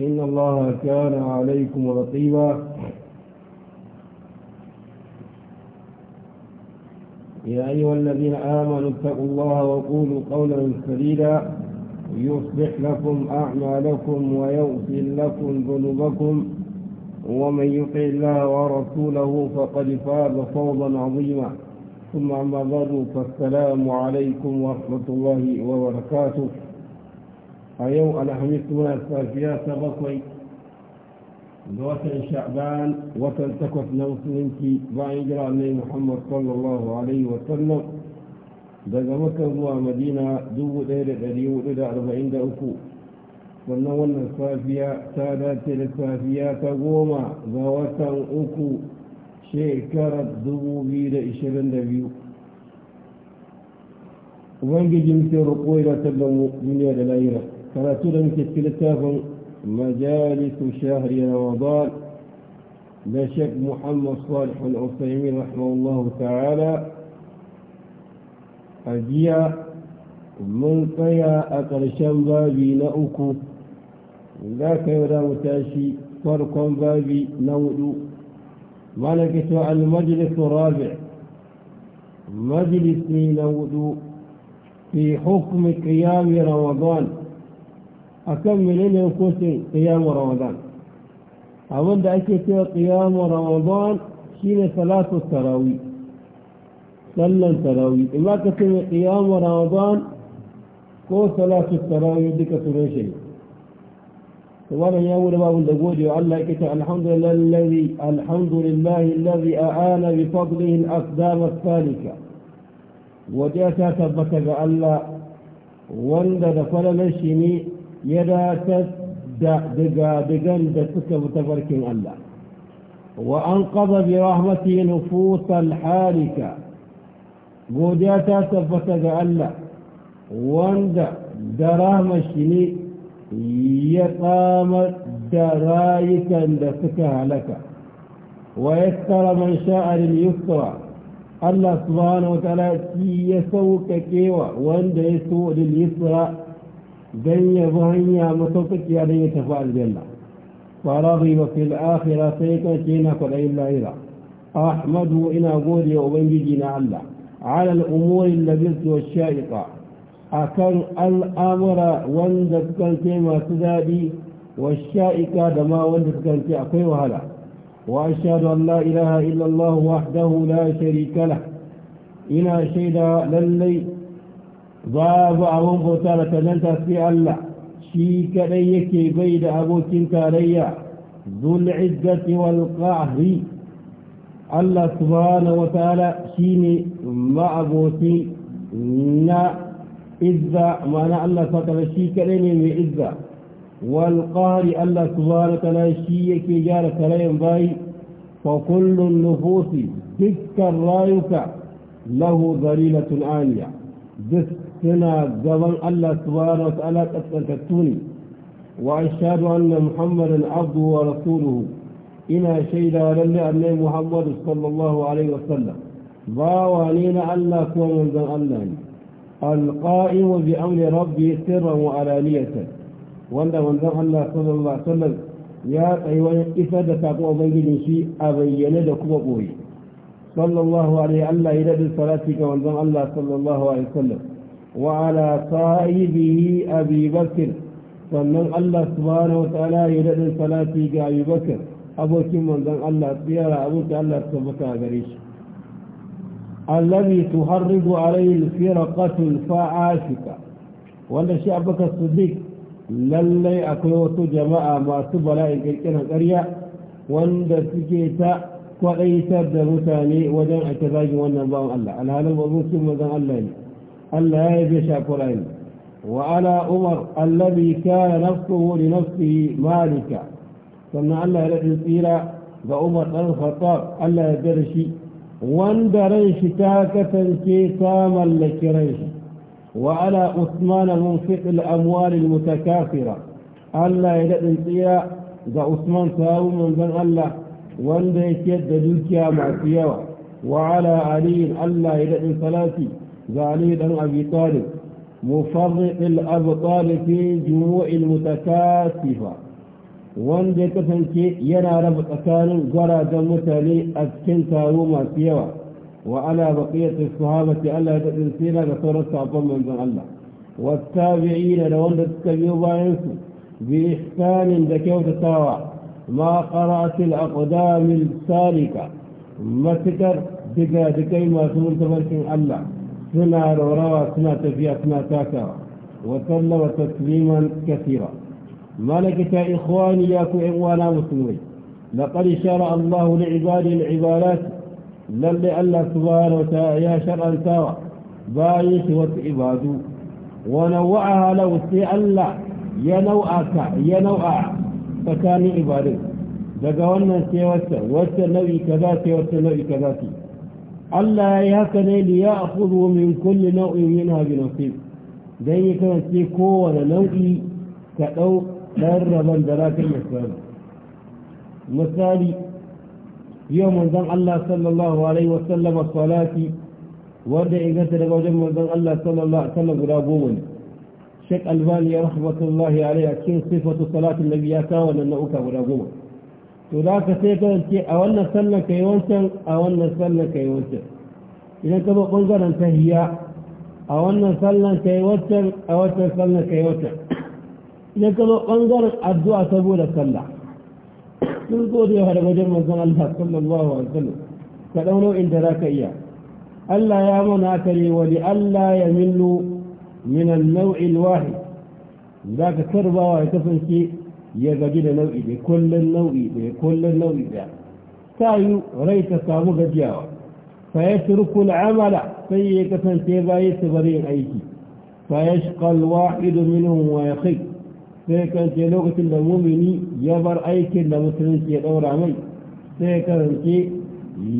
إن الله كان عليكم رقيبا يا أيها الذين آمنوا اتقوا الله وقولوا قولا سديدا يصلح لكم أعمالكم ويغفر لكم ذنوبكم ومن يطع الله ورسوله فقد فاز فوضا عظيما ثم أما بعد فالسلام عليكم ورحمة الله وبركاته أيوم على حميث من الفاجية تبطي دوات الشعبان وتلتكف نوسنك بعيد رأني محمد صلى الله عليه وسلم دقا مكة هو مدينة دو دير الأليو إلى أربعين دأكو فنون الفاجية سادات الفاجية تقوما دوات أكو شكرا دو بيد إشبن دبيو وانجي جمسي رقوي لا تبدو من يد الأيرة ثلاثون كتلة مجالس شهر رمضان لشك محمد صالح العثيمين رحمه الله تعالى أجيا من قيا أقل شنبا بينا أكو لا كيرا متاشي فرقا بابي نودو ملكة المجلس الرابع مجلس نودو في حكم قيام رمضان أكمل من إلي قيام رمضان أولد أكيد قيام رمضان شين صلاة التراوي صلى التراوي إما كثير قيام رمضان كو صلاة التراوي ديك تريشي وانا يا أول ما أولد أقولي الله الحمد لله الذي الحمد لله الذي أعان بفضله الأقدام الثالثة وجاء ثبتك الله وندى فلا نشيني يراتت دقا دقا دقا متبرك الله وأنقذ برحمته نفوس الحالكة بوديات أسفت قال له دراهم درام الشني يقام درايك اند سكه لك ويسر من شاء لليسرى الله سبحانه وتعالى يسوك كيوا واند يسوء لليسرى don ya bi يا masaukakiya تفعل ya tafi وفي فرغب في الآخرة سيكون إلا إلا لائرة أحمده إنا قولي وبنجينا الله على الأمور اللبث والشائقة أكر الأمر واندت كنت ما سدادي والشائقة دما واندت كنت أقوي وهلا وأشهد أن لا إله إلا الله وحده لا شريك له إنا شيدا للي babu abun bauta da talanta sai Allah shi kadai yake bai da abokin tarayya zul izzati wal qahri Allah subhanahu wa ta'ala shine ma'aboti na izza ma'ana Allah subhanahu shi kadai ne mai izza wal qahri Allah subhanahu wa ta'ala shi yake gyara tarayin bayi fa kullu nufusi dukkan rayuka lahu dhalilatun aliyah duk سنا جبل الله سبحانه وتعالى قد سكتوني وأشهد أن محمد عبده ورسوله إنا شيدا ولن أن محمد صلى الله عليه وسلم ضاوانين ألا كو من ذا الله القائم بأمر ربي سرا وعلانية وأن من ذا الله صلى الله عليه وسلم يا أيوة إفادة تقوى بيجي نشي أبين لكم صلى الله عليه الله إلى بالصلاة كما الله صلى الله عليه وسلم وعلى صاحبه أبي بكر فمن الله سبحانه وتعالى يردن صلاتي أبي بكر أبو كمان ذن الله بيارة أبوك الله سبحانه غريش الذي تحرض عليه الفرقة الفعاشقة وأن شعبك الصديق للي أكلوت جماعة ما سبلا إن كان قرية وأن تكيت وأيسر دمتاني ودن أتباج وأن الله الله الله أبو كمان ذن الله يلي. ألا يجشع فلان وعلى عمر الذي كان نفسه لنفسه مالكا ثم ألا يجشع بأمر الخطاب ألا يجرش واندرش تاكة كي تامل لكرش وعلى عثمان منفق الأموال المتكافرة ألا يجشع بأثمان تاو من ذن ألا وانديك يد دوكيا مع سياوة وعلى علي الله يدعي ثلاثي بن أبي طالب مفرق الأبطال في جموع المتكاتفة وانجت فنكي ينا رب أكان جرى جمت لي أكين تاروما فيها وعلى بقية الصحابة الا تنسينا بطرس عبد الله بن الله والتابعين لون تتكيوبا ينسوا بإحسان ذكوت التاوى ما قرأت الأقدام السالكة ما تكر دقا ما ما سمرت الله سمع روى سنة تفيا سنة تاكا وسلم تسليما كثيرا ملكك إخواني يا إخوانا مسلمين لقد شرع الله لعباده العبادات لن لألا سبحانه وتعالى يا شرعا تاوى بايش وتعبادو ونوعها لو سيألا يا ينوع فكان عباده daga سيوسا sai wata wata nau'i kaza sai ألا يكن ليأخذ من كل نوع منها بنصيب دي كان في قوة نوع كأو كربا من دراك المسلم مثالي يوم من الله صلى الله عليه وسلم الصلاة ورد إغاثة لقوة من ذن الله صلى الله عليه وسلم رابون شك ألباني رحمة الله عليه كين صفة صلاة النبي يتاونا نوكا رابون to da ka sai kasance a wannan sallar kai wancan a wannan sallar kai wancan idan ka ba ɓangaren tahiyya a wannan sallar kai wancan a wancan sallar kai wancan idan ka ba ɓangaren addu'a saboda sallah sun gode wa da wajen manzon Allah sallallahu alaihi wasallam ka ɗau nau'in da za ka iya Allah ya mana ka ne wani Allah ya millu min nau'il wahid za ka karbawa ya kasance ya gaji da nau'i ɗaya kullum nau'i ɗaya kullum nau'i ɗaya ta yi rai ta samu gajiyawa fa ya turkul amala sai ya kasance baya su bari yin aiki fa ya shiƙal wa'idu minhum wa ya kai sai kasance lokacin da mumini ya bar aikin da musulunci ya ɗaura mai sai kasance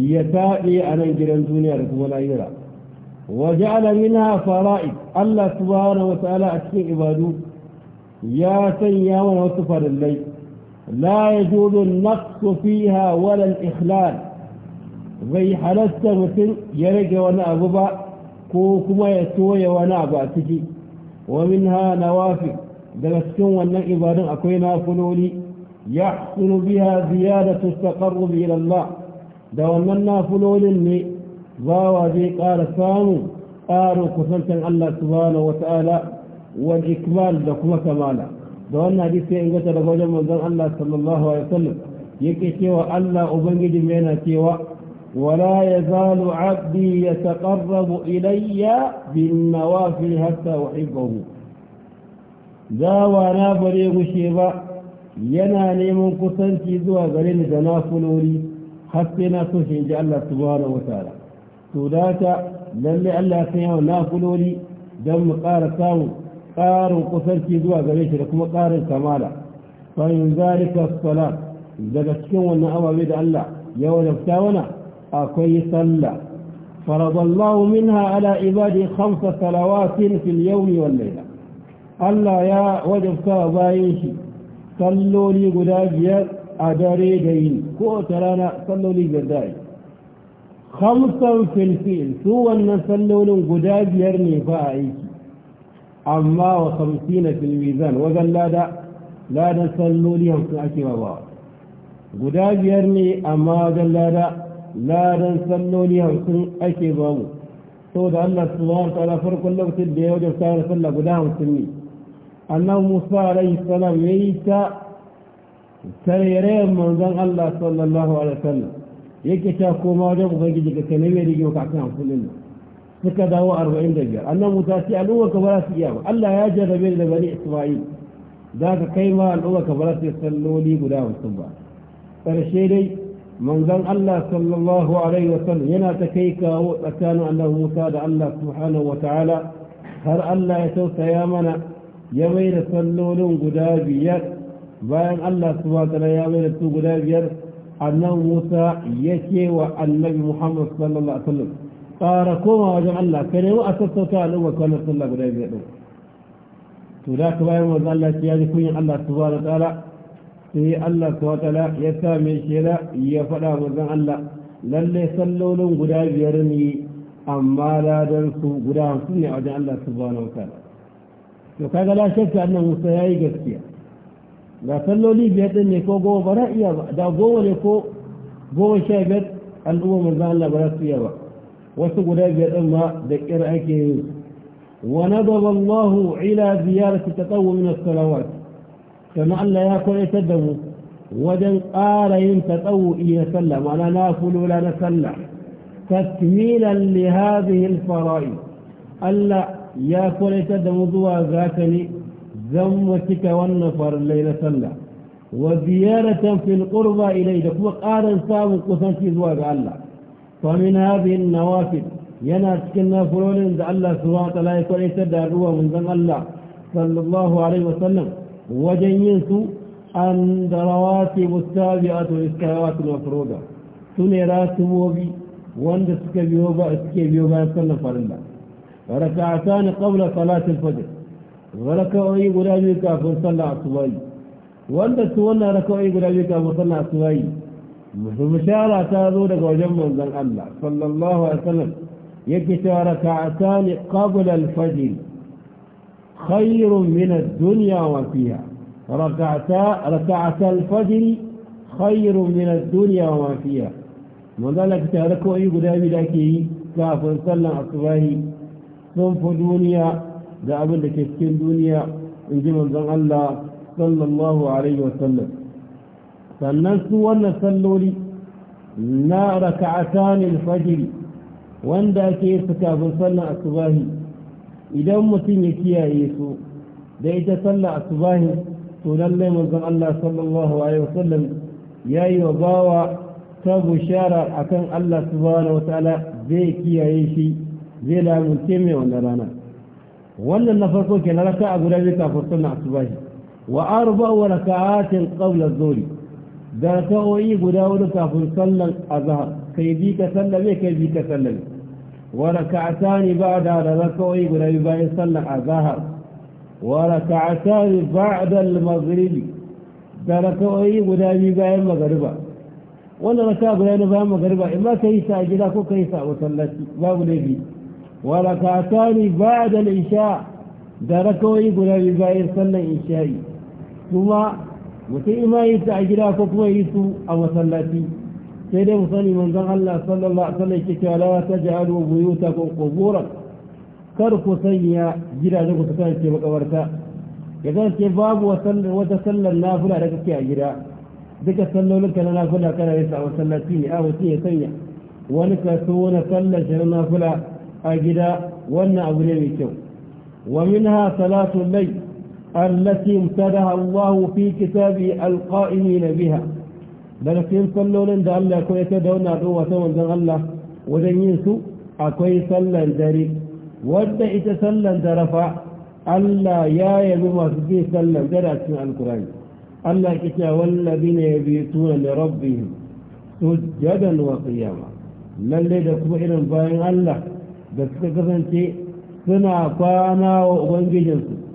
ya taɗe a nan gidan duniya da kuma lahira وجعل منها فرائض الله سبحانه وتعالى أتكين عباده يا سيا وصفر الليل لا يجوز النقص فيها ولا الإخلال في حلست مثل يرجى وانا أبوبا كوكما يسوي وانا أبا تجي ومنها نوافق دلسكم وانا إبادا أكوين أفنولي يحصل بها زيادة التقرب إلى الله دوما نافلول لي ذا وذي قال سامو قالوا كثلتا الله سبحانه وتعالى والإكمال لكم كمالا دوانا حديث إن قتل قوجا مدر الله صلى الله عليه وسلم يكي سوى الله أبنجد مينا سوى ولا يزال عبدي يتقرب إلي بالنوافل حتى أحبه وانا بريغ غشيبا ينا نيمون قسنتي زوى غرين تنافل ولي حتى نصوش إن الله سبحانه وتعالى سوداتا لم الله سيهو نافل دم قال ƙarin kusanci zuwa gare shi da kuma ƙarin kamala fayin zalika salat daga cikin wannan ababe da Allah ya wadafta wana akwai sallah faradallahu minha ala ibadi khamsa salawatin fil yawmi wal layla Allah ya wajabta bayan shi salloli guda biyar a dare da yi ko ta rana salloli biyar da yi khamsan fil su wannan sallolin guda biyar ne fa a yi أما وخمسين في الميزان وذن لا دا لا نسلوا ليهم في أكي بابا قداب يرني أما وذن لا دا لا نسلوا ليهم في أكي بابا سود أن السلام تعالى فرق الله وسيد بيه وجه سعر صلى قداهم سمي أنه موسى عليه السلام ويسا سيريم من ذن الله صلى الله عليه وسلم يكشاكو ما جبه يجيك سنوي ريجي وكعكنا وصل الله suka dawo arba'in da biyar annan musa ce al'umma ka ba su iya ba allah ya jarrabe da bani isma'il za ka kai ma al'umma ka ba su salloli guda hamsin ba ƙarshe dai manzon allah sallallahu alaihi wasallam yana ta kai kawo tsakanin annabi musa da allah subhanahu wa ta'ala har allah ya tausaya mana ya mai da sallolin guda biyar bayan allah subhanahu wa ta'ala ya mai da su guda biyar annan musa ya ce wa annabi muhammad sallallahu alaihi wasallam ƙara koma wajen Allah ka nemi a sassauta al'umma ka wannan sallah guda biyar ɗin to da ka bayan wanzu Allah ya ji kunyin Allah ba da tsara sai Allah su wa ta'ala ya sa mai shela ya faɗa wajen Allah lalle sallolin guda biyar ne amma ladan su guda hamsin ne a wajen Allah ba na wata to kaga la shakka annan Musa yi gaskiya da salloli biyar ɗin ne ko goma ba na iya ba da goma ne ko goma sha biyar al'ummar manzan Allah ba za su iya ba wasu guda biyar ɗin ma da ƙir ake yin wa nadaba Allahu ila ziyarati tatawwu min as-salawat kama Allah ya kwaitar da mu wajen ƙara yin tatawwu na sallah ma'ana na la na sallah takmilan li hadhihi al-fara'id Allah ya kwaitar da mu zuwa zaka ne zan cika wannan farallai na salla wa ziyaratan fil qurba ilayka da kuma ƙarin samun kusanci zuwa ga Allah فمنها هذه النوافل ينسكن فلول عند الله سبحانه وتعالى يكون يسدد هو من ذن الله صلى الله عليه وسلم وجينس أن رواتب التابعة للسماوات المفروضة تنيرات موبي وان تسكبيوبا تسكبيوبا يسكن فلله وركعتان قبل صلاة الفجر وركعوي غلابي كافر صلى الله عليه وسلم وان تسوى ركعوي غلابي كافر صلى الله عليه وسلم مشارة تاذودك وجمع من الله صلى الله عليه وسلم يكتا ركعتان قبل الفجر خير من الدنيا وفيها ركعتا ركعتا الفجر خير من الدنيا وفيها ذلك تاركوا أي قدامي لكي كافر صلى أصباهي في دنيا دعم لك السن دنيا إن جمع ذن الله صلى الله عليه وسلم sannan su wannan salloli na raka'atanin fajiri wanda ake su kafin sallar asubahi idan mutum ya kiyaye su da ita sallar asubahi to lallai manzon Allah sallallahu alaihi wasallam yayi wa bawa ta bushara akan Allah subhanahu wataala zai kiyaye shi zai lamunce mai wannan rana wannan na farko ke na raka'a guda biyu kafin sallar asubahi wa arba'u raka'atin qabla adh-dhuhri da sa'o'i guda hudu kafin sallar azhar kai bi ka sallame kai bi ka sallame wa raka'atani ba'da da raka'o'i guda biyu bayan sallar azhar wa raka'atani ba'da al-maghrib da raka'o'i guda biyu bayan magriba wannan raka guda ne bayan magriba in ma kai sa gida ko kai sa masallaci babu laifi wa raka'atani ba'da al-isha da raka'o'i guda biyu bayan sallar isha'i kuma mutum ima yi ta a gida ko kuma yi su a masallaci sai dai mu sani manzon Allah sallallahu alaihi wasallam yake cewa la taj'alu buyutakum quburan kar ku sanya gidajen ku su kasance makabarta ya kasance babu wata sallar nafila da kake a gida duka sallolin ka na nafila kana yi a masallaci ne a mutum ya sanya wani kaso na sallar shi na nafila a gida wannan abu ne mai kyau wa minha salatu layl التي امتدها الله في كتابه القائمين بها daga cikin sallolin da Allah ko ya ta dauna ɗo wata wanzan Allah wajen yin su akwai sallan dare wadda ita sallan dare fa Allah ya yabi masu bi sallan dare a cikin alkurani Allah ya ce wallabi ne ya bi tuna da rabbihim sujjadan wa qiyama lalle da kuma irin bayan Allah da suka kasance suna kwana wa ubangijinsu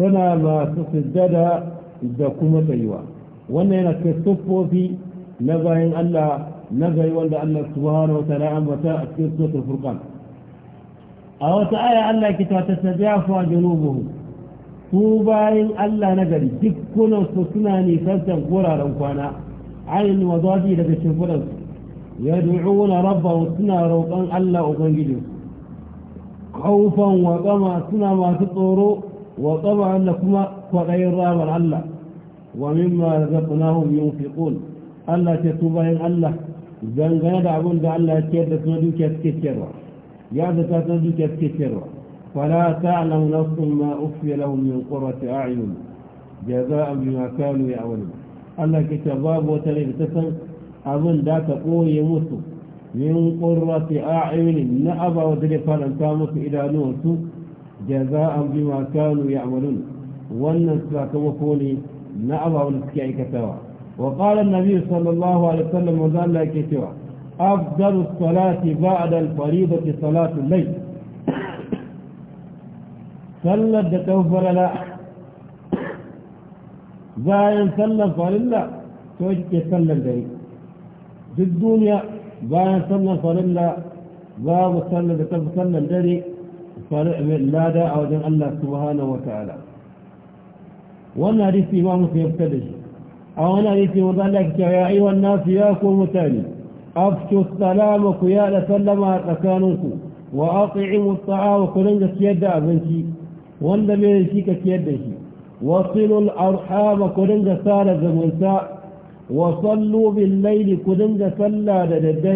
suna masu sujjada da kuma tsayuwa wannan yana cikin siffofi na bayan Allah na gari wanda Allah subhanahu wa ta'ala ambata a cikin suratul furqan a wata aya Allah ke ta tajafu junubuhum su bayan Allah na gari dukkanin su suna nisantar guraren kwana ainihin wazafi daga shimfiransu ya du'una rabbahu suna roƙon Allah ubangijinsu خوفا وطمعا سنا ما تطوروا وطبعا لكما فغير رامر الله ومما رزقناهم ينفقون الله تتوبين الله dangane da abin da Allah ya ciyar da suna dukiya suke ciyarwa ya zata suna dukiya suke ciyarwa fala ta'lamu nafsun ma ukhfiya lahum min qurrati a'yun jazaa'an bima kanu ya'malun Allah ke ta babu wata rai ta san abin da ka koye musu min qurrati a'yun na aba wanda zai faranta musu idanuwansu جزاء بما كانوا يعملون والناس كمكوني نعبا ونسكي كتوا وقال النبي صلى الله عليه وسلم وذال لك كتوا أفضل الصلاة بعد الفريضة صلاة الليل صلى بتوفر لا زايا صلى فلله توجه صلى الدري في الدنيا زايا صلى فلله باب صلى دتوفر صلى الدري لا دا او دن الله سبحانه وتعالى وانا ريسي امام سيبتدج او انا ريسي مضالك يا أيها الناس ياكو متاني افتو السلام يا لسلم اتكانوكو واقعم الطعام قلنج سيادة ابنشي وانا ميرشيك سيادشي وصلوا الارحام قلنج سالة زمنساء وصلوا بالليل قلنج سلا دا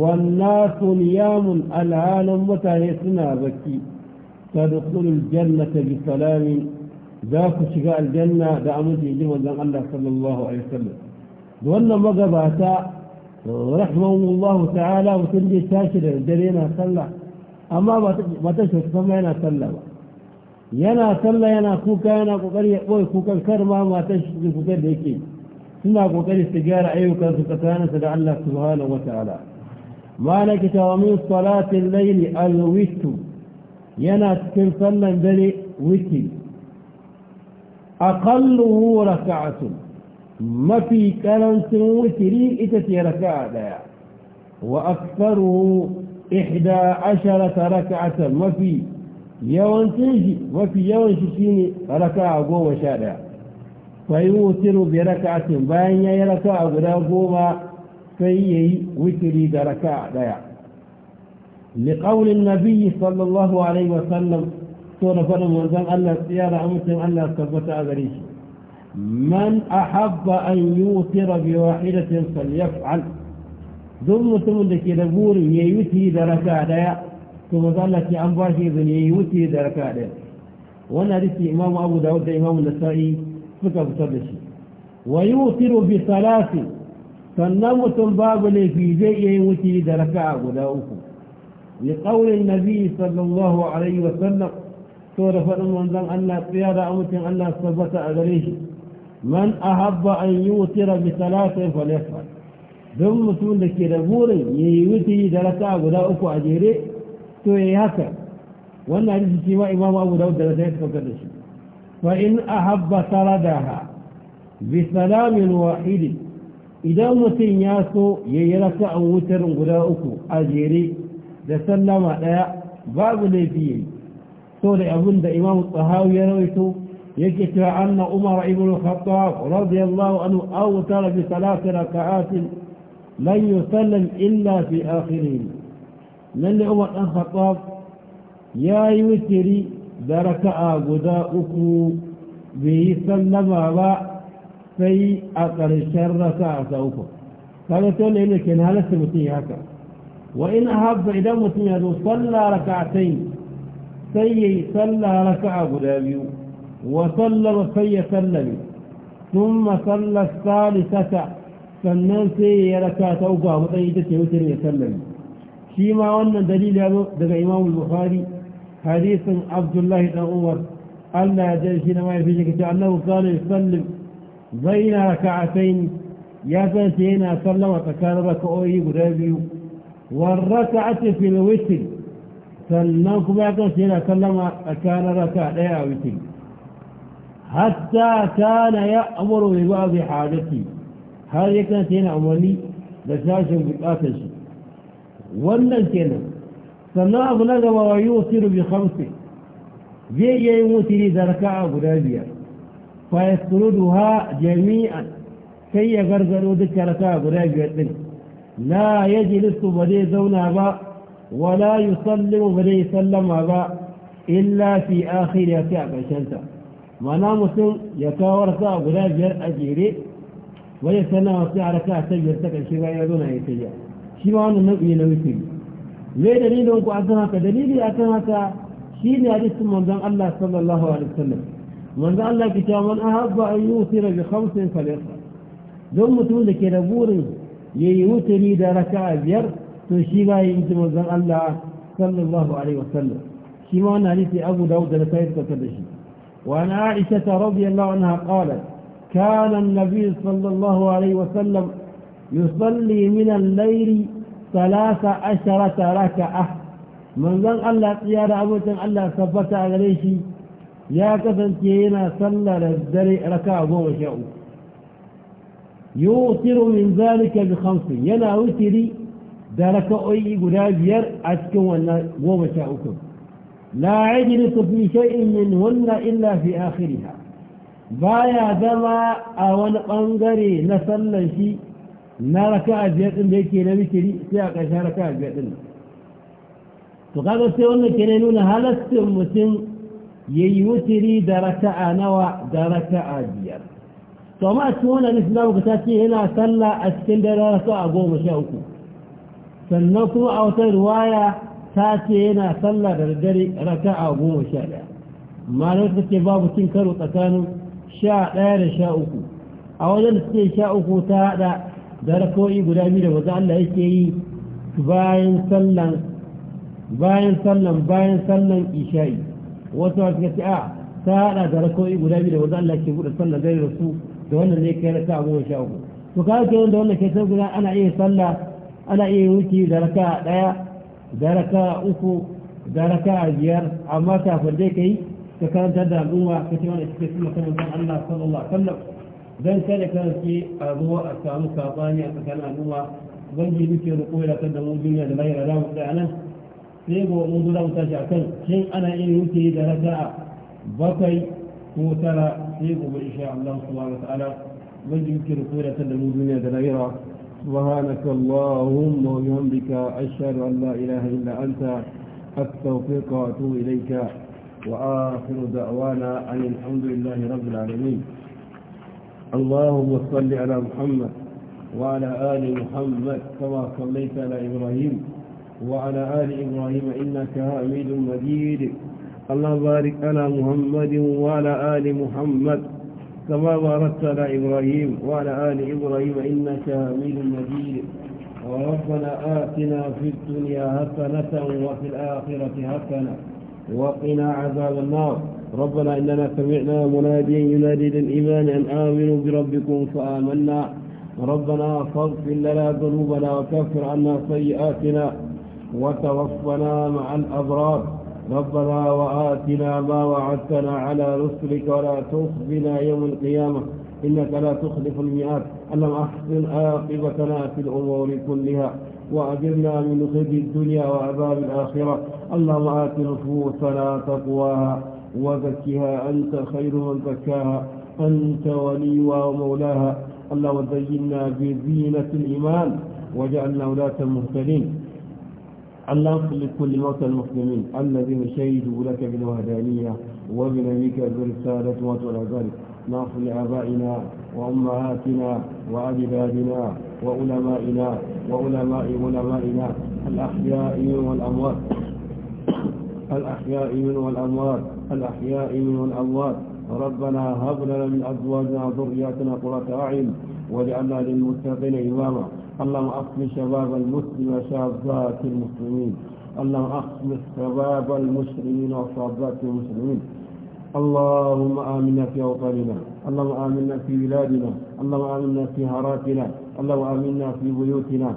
والناس نيام العالم متى يسنا بكي تدخل الجنة بسلام ذاك شقاء الجنة دعمت يجب أن الله صلى الله عليه وسلم دولنا مقباتا رحمة الله تعالى وتنجي تاشر درينا صلى أما ما تشهد فمعنا صلى ينا صلى ينا كوكا ينا كوكري أوي كوكا كرما ما تشهد فكر ديكي سنا كوكري سجارة أيوكا سكتانا سدع الله سبحانه وتعالى مالك توامين صلاة الليل الوتر ينا تكن صلى دري وتر أقله ركعة ما في كلام وتري إتتي ركعة دايا وأكثره إحدى عشرة ركعة ما في يوان تيجي ما في يوان شيني ركعة قوة شارع فيوتر بركعة باين يركعة قوة sai ya yi witiri da raka ɗaya liƙaunin nabi sallallahu alaihi wasallam to da faɗin wanzan Allah tsiya da amincin Allah tabbata a gare shi man ahabba an yi wutira bi wahidatin falyaf'al duk mutumin da ke da burin ya yi wutiri da raka ɗaya to maza Allah ce an ba shi izini ya yi wutiri da raka ɗaya wannan hadisi imamu abu dawud da imamu nasa'i suka fitar da shi wa yi wutiru bi salasi sannan mutum babu laifi zai iya wuce da raka'a guda uku لقول النبي صلى الله عليه وسلم سورة فلمن ذن أن الصيادة أمتن أن الصبت أدريه من أحب أن يوتر بثلاثة فليفعل دم مسؤول لك ربور يوتي دلتا أبو داؤك أجيري توي هكا وأن هذه سوى إمام أبو داود دلتا فكرش فإن أحب سردها بسلام واحد إذا متين ياسو ييرك أوتر غراؤك أجيري لسلم على بعض الذين سورة أبن دا إمام الطهاو يرويتو يكتع أن أمر ابن الخطاب رضي الله عنه أوتر بثلاث ركعات لن يسلم إلا في آخرين من عمر الخطاب يا يوتري بركة غداؤك به سلم sai a ƙarshen raka a sa uku kaga ta wanda yana kenan halatta mutum ya haka wa in habba idan mutum ya zo salla raka'atayn sai yayi salla raka'a guda biyu wa sallama sai ya sallame thumma salla salisata sannan sai ya raka ta uku a matsayin ita ce wutar ya sallame shi ma wannan dalili ya zo daga imamu bukhari hadisin abdullahi dan umar Allah ya jari shi na mahaifin shi kace annahu kana yusallim بين ركعتين يفتينا صلى وتكاربك أوهي قرابي والركعة في الوسل سلمك بعد سينا سلم أكان ركع لي أوسل حتى كان يأمر ببعض حاجتي هل يكن سينا أمني بشاش بقاتش ولا سينا سلم أبنى ويوصل بخمسة بيجي يموتني ذركع قرابيه فيسردها جميعا كي يغرزلوا ذكرتها قريب يتن لا يجلس بدي زونها ولا يسلم بدي سلم با إلا في آخر يتعب شنسا وانا مسلم يتورسا قريب يتجيري ويسنى وصي على كاسا يرتك الشباء يدون ايتجا شباء نمو ينويتي ليه دليل انكو اتناك دليل اتناك شيني عدث من الله صلى الله عليه وسلم من قال لك يا من أحب أن يوثر بخمس فليخر دون متولد كنبور ييوثري دركاء بير تشيما ينتم وزن الله صلى الله عليه وسلم شما نعرفي أبو داود لسيد كتبشي وأن عائشة رضي الله عنها قالت كان النبي صلى الله عليه وسلم يصلي من الليل ثلاث عشرة ركعة من قال الله يا رب الله صبت عليه وسلم ya kasance yana sallah da dare raka goma sha uku yusiru min zalika bi khamsin yana wutiri da raka'o'i guda biyar a cikin wannan goma sha uku la yajlisu fi shay'in min hunna illa fi akhiriha baya zama a wani bangare na sallan shi na raka'a biyar din da yake na wutiri sai a ƙarshen raka'a biyar din to kaga sai wannan ke nuna halastin mutum ya yi wutiri da raka'a nawa da raka'a biyar to amma a cikin ta ce yana sallah a cikin dare raka'a goma sha uku sannan kuma a wata riwaya ta ce yana sallah da dare raka'a goma sha ɗaya malar ta ce babu cin karo tsakanin sha ɗaya da sha uku a wajen da suke sha uku ta haɗa da rakoi guda biyu da maza Allah yake yi bayan sallan bayan sallan bayan sallan isha'i wasu masu gaci a ta haɗa da rakoi guda biyu da wanda Allah ke buɗe sallah zai rasu da wannan zai kai raka goma sha uku to ka ke wanda wannan ke sai guda ana iya sallah ana iya wuce da raka ɗaya da raka uku da raka biyar amma kafin dai kai ka karanta da al'umma ka ce wani cikin makarantar Allah sallallahu alaihi wasallam dan kada ka ce a zo a samu sabani a tsakanin al'umma ubangiji ke rukuwa da kan da mu duniya da lahira za mu tsaya nan sai gobe mun zura wuta shi akan shin ana iya wuce da raka bakwai ko tara sai gobe insha Allah subhanahu wa ta'ala mun jinkir ko da da mu duniya da lahira سبحانك اللهم وبحمدك أشهد أن لا إله إلا أنت أستغفرك وأتوب إليك وآخر دعوانا أن الحمد لله رب العالمين اللهم صل على محمد وعلى آل محمد كما صليت على إبراهيم وعلى آل إبراهيم إنك حميد مجيد اللهم بارك على محمد وعلى آل محمد كما باركت على إبراهيم وعلى آل إبراهيم إنك حميد مجيد وربنا آتنا في الدنيا حسنة وفي الآخرة حسنة وقنا عذاب النار ربنا إننا سمعنا مناديا ينادي للإيمان أن آمنوا بربكم فآمنا ربنا فاغفر لنا ذنوبنا وكفر عنا سيئاتنا وتوفنا مع الأبرار ربنا وآتنا ما وعدتنا على رسلك ولا تخزنا يوم القيامة إنك لا تخلف المئات اللهم أحسن عاقبتنا في الأمور كلها وأجرنا من خزي الدنيا وعذاب الآخرة اللهم آت نفوسنا تقواها وزكها أنت خير من زكاها أنت وليها ومولاها اللهم زينا بزينة الإيمان وجعلنا ولاة مهتدين اللهم لكل موتى المسلمين الذين شهدوا لك بالوهدانية وبنبيك بالرسالة وطول ذلك نغفر لآبائنا وأمهاتنا وأجدادنا وعلمائنا وعلماء علمائنا الأحياء والأموات الأحياء والأموات الأحياء والأموات ربنا هب لنا من أزواجنا وذرياتنا قرة أعين واجعلنا للمتقين إماما اللهم أصلح شباب المسلم وشابات المسلمين اللهم أصلح شباب المسلمين وشابات المسلمين اللهم آمنا في أوطاننا اللهم آمنا في بلادنا اللهم آمنا في هراتنا اللهم آمنا في بيوتنا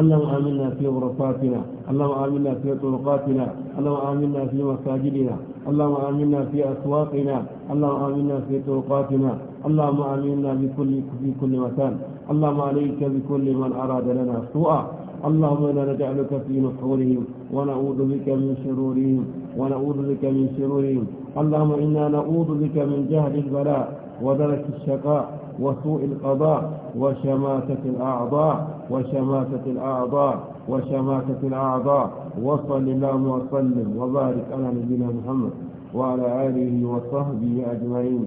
اللهم آمنا في غرفاتنا اللهم آمنا في طرقاتنا اللهم آمنا في مساجدنا اللهم آمنا في أسواقنا اللهم آمنا في طرقاتنا اللهم آمنا بكل في كل مكان اللهم عليك بكل من أراد لنا سوءا اللهم إنا نجعلك في نحورهم ونعوذ بك من شرورهم ونعوذ بك من شرورهم اللهم إنا نعوذ بك من جهل البلاء ودرك الشقاء وسوء القضاء وشماتة الأعضاء وشماتة الأعضاء وشماتة الأعضاء وصل اللهم وسلم وبارك على نبينا محمد وعلى آله وصحبه أجمعين